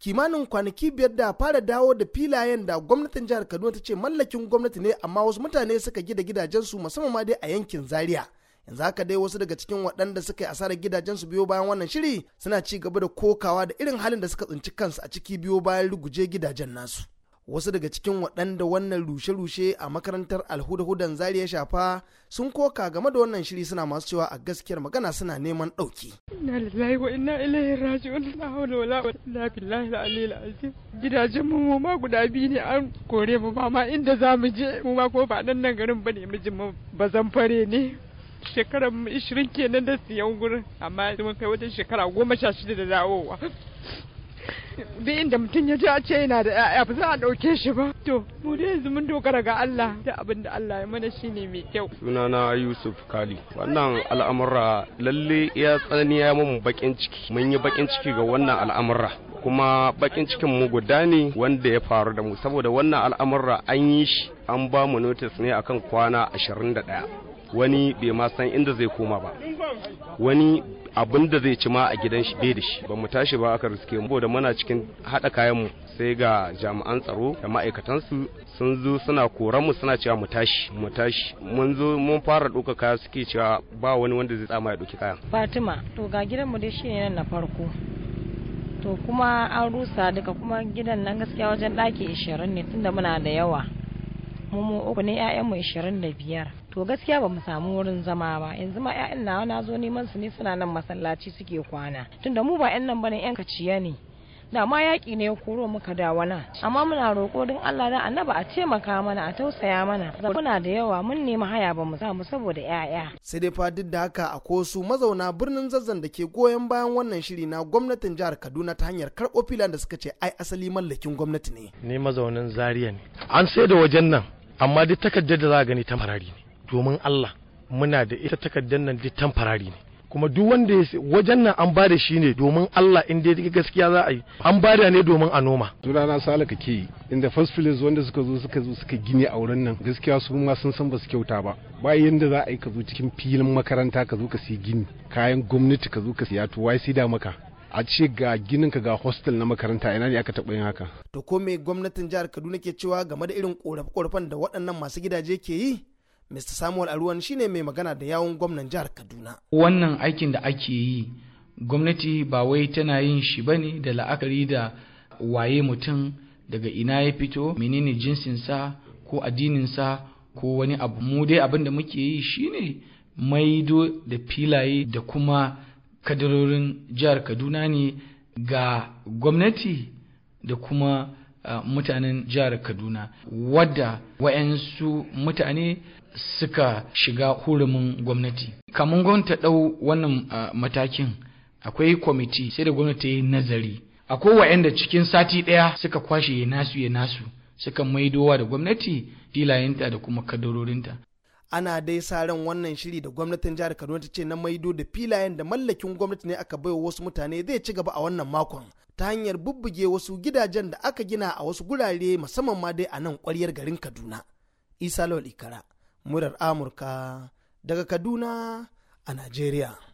kimanin kwanaki biyar da fara dawo da filayen da gwamnatin jihar kaduna ta ce mallakin gwamnati ne amma wasu mutane suka gida gidajensu musamman ma dai a yankin zaria yanzu haka dai wasu daga cikin waɗanda suka yi asarar gidajensu biyo bayan wannan shiri suna ci gaba da kokawa da irin halin da suka tsinci kansu a ciki biyo bayan ruguje gidajen nasu wasu daga cikin waɗanda wannan rushe-rushe a makarantar alhudahudan zari ya shafa sun koka game da wannan shiri suna masu cewa a gaskiyar magana suna neman ɗauki. Inna lillahi wa inna ilaihi raji'un la hawla wala quwwata billahi al-aliyyil azim. Gidajen mu ma guda biyu ne an kore mu ba ma inda za mu je mu ma ko ba nan nan garin bane mijin mu bazan fare ne. Shekarar mu 20 kenan da siyan gurin amma mun kai wata shekara goma sha shida da dawowa. duk inda mutum ya ji a ce yana da yaya ba za a ɗauke shi ba to mu dai yanzu mun dogara ga Allah da abin da Allah ya mana ne mai kyau sunana Yusuf Kali wannan al'amura lalle ya ya mun bakin ciki mun yi bakin ciki ga wannan al'amura kuma bakin cikin mu guda ne wanda ya faru da mu saboda wannan al'amura an yi shi an ba mu notice ne akan kwana 21 wani bai ma san inda zai koma ba wani abin da zai ci ma a gidan shi bai da shi ba mu tashi ba aka riske mu da muna cikin hada kayan mu sai ga jami'an tsaro da ma'aikatansu sun zo suna koran mu suna cewa mu tashi mu tashi mun zo mun fara doka kaya suke cewa ba wani wanda zai tsama ya ɗauki kayan fatima to ga gidan mu dai shine nan na farko to kuma an rusa duka kuma gidan nan gaskiya wajen daki 20 ne tunda muna da yawa mu mu uku ne mu 25 to gaskiya ba mu samu wurin zama ba yanzu ma 'ya'yan nawa na zo neman su ne suna nan masallaci suke kwana tunda mu ba 'yan nan bane 'yan kaciya ne da ma yaƙi ne ya koro muka da wana amma muna roƙo din Allah da annaba a taimaka mana a tausaya mana muna da yawa mun nemi haya ba mu samu saboda yaya sai dai fa duk da haka a kosu mazauna birnin zazzan da ke goyon bayan wannan shiri na gwamnatin jihar Kaduna ta hanyar karɓo filan da suka ce ai asali mallakin gwamnati ne ni mazaunin Zaria ne an sai da wajen nan amma duk takardar da za a gani ta marari ne domin Allah muna da ita takardar nan duk tamfarari ne kuma duk wanda ya wajen nan an bada shi ne domin Allah in dai gaskiya za a yi an bada ne domin a noma sunana salaka ke inda first place wanda suka zo suka zo suka gini a wurin nan gaskiya su ma sun san ba su kyauta ba ba yanda za a yi ka zo cikin filin makaranta ka zo ka siya gini kayan gwamnati ka zo ka siya to wai sai da maka a ce ga ginin ka ga hostel na makaranta ina ne aka taɓa yin haka to ko me gwamnatin jihar Kaduna ke cewa game da irin korafe-korafen da waɗannan masu gidaje ke yi Mr. Samuel Aruwan shine mai magana da yawun gwamnan jihar Kaduna. Wannan aikin da ake yi gwamnati ba wai tana yin shi ba ne da la'akari da waye mutum daga ina ya fito menene jinsinsa ko addininsa ko wani abu mu dai abin da muke yi shine maido da filaye da kuma kadarorin jihar Kaduna ne ga gwamnati da kuma mutanen jihar Kaduna wadda wayansu mutane suka shiga hurumin gwamnati. Kamun gwamnati ɗau wannan matakin akwai kwamiti sai da gwamnati ta yi nazari. Akwai wayanda cikin sati ɗaya suka kwashe ya nasu ya nasu suka maidowa da gwamnati filayenta da kuma kadarorinta. ana dai sa ran wannan shiri da gwamnatin jihar kaduna ta ce na maido da filayen da mallakin gwamnati ne aka baiwa wasu mutane zai ci gaba a wannan makon ta hanyar bubbuge wasu gidajen da aka gina a wasu gurare musamman ma dai a nan kwaryar garin kaduna isa lawal ikara murar amurka daga kaduna a najeriya